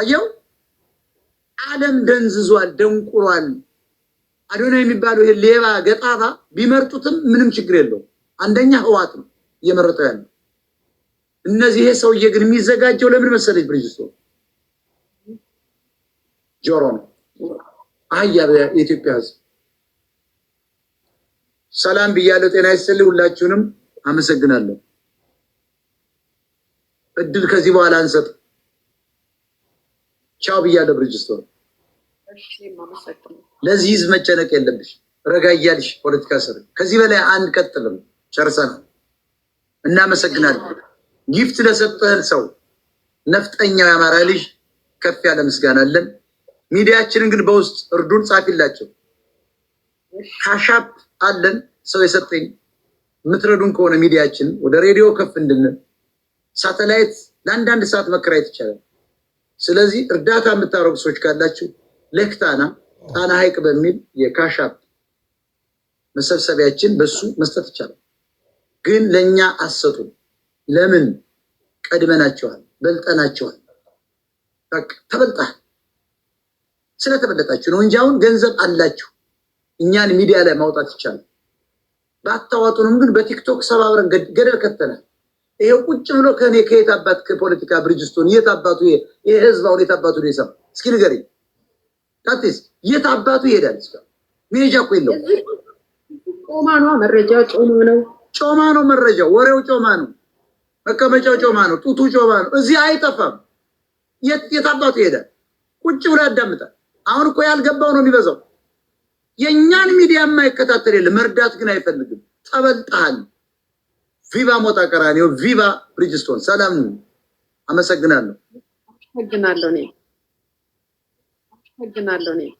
አየው ዓለም ደንዝዟል፣ ደንቁሯል። አዶና የሚባለው ይሄ ሌባ ገጣፋ ቢመርጡትም ምንም ችግር የለው። አንደኛ ህዋት ነው እየመረጠው ያለው እነዚህ። ይሄ ሰውዬ ግን የሚዘጋጀው ለምን መሰለች ብርጅቶ ጆሮ ነው አያ የኢትዮጵያ ህዝብ ሰላም ብያለሁ። ጤና ይስጥልኝ። ሁላችሁንም አመሰግናለሁ። እድል ከዚህ በኋላ አንሰጥ ቻው ብያለሁ ብርጅስቶን። ለዚህ ህዝብ መጨነቅ የለብሽ። ረጋ እያልሽ ፖለቲካ ስር ከዚህ በላይ አንድ ቀጥልም። ጨርሰን እናመሰግናለን። ጊፍት ለሰጠህን ሰው ነፍጠኛው የአማራ ልጅ ከፍ ያለ ምስጋና አለን። ሚዲያችንን ግን በውስጥ እርዱን፣ ጻፊላቸው። ካሻፕ አለን። ሰው የሰጠኝ የምትረዱን ከሆነ ሚዲያችን ወደ ሬዲዮ ከፍ እንድንል ሳተላይት ለአንዳንድ ሰዓት መከራየት ይቻላል። ስለዚህ እርዳታ የምታደርጉ ሰዎች ካላችሁ ለክታና ጣና ሀይቅ በሚል የካሽ አፕ መሰብሰቢያችን በሱ መስጠት ይቻላል። ግን ለእኛ አሰጡ። ለምን ቀድመናቸዋል፣ በልጠናቸዋል። በቃ ተበልጣል። ስለተበለጣችሁ ነው እንጂ አሁን ገንዘብ አላችሁ። እኛን ሚዲያ ላይ ማውጣት ይቻላል። በአታዋጡንም፣ ግን በቲክቶክ ሰባብረን ገደል ከተናል። ይሄ ቁጭ ብሎ ከኔ ከየት አባት ከፖለቲካ ብሪጅስቶን የት አባቱ ይሄ ህዝብ አሁን የት አባቱ ነው እስኪ ንገሪ ታትስ የት አባቱ ይሄዳል? እስካ መሄጃ ኮይ ነው ጮማ ነው መረጃ፣ ጮማ ነው ጮማ ነው መረጃ፣ ወሬው ጮማ ነው፣ መቀመጫው ጮማ ነው፣ ጡቱ ጮማ ነው። እዚህ አይጠፋም። የት አባቱ ይሄዳል? ቁጭ ብሎ ያዳምጣል። አሁን እኮ ያልገባው ነው የሚበዛው። የእኛን ሚዲያ የማይከታተል የለም። መርዳት ግን አይፈልግም። ጠበልጣሃል ቪቫ ሞጣ ቀራኒዮ፣ ቪቫ ብሪጅስቶን። ሰላም ነው። አመሰግናለሁ። አመሰግናለሁ።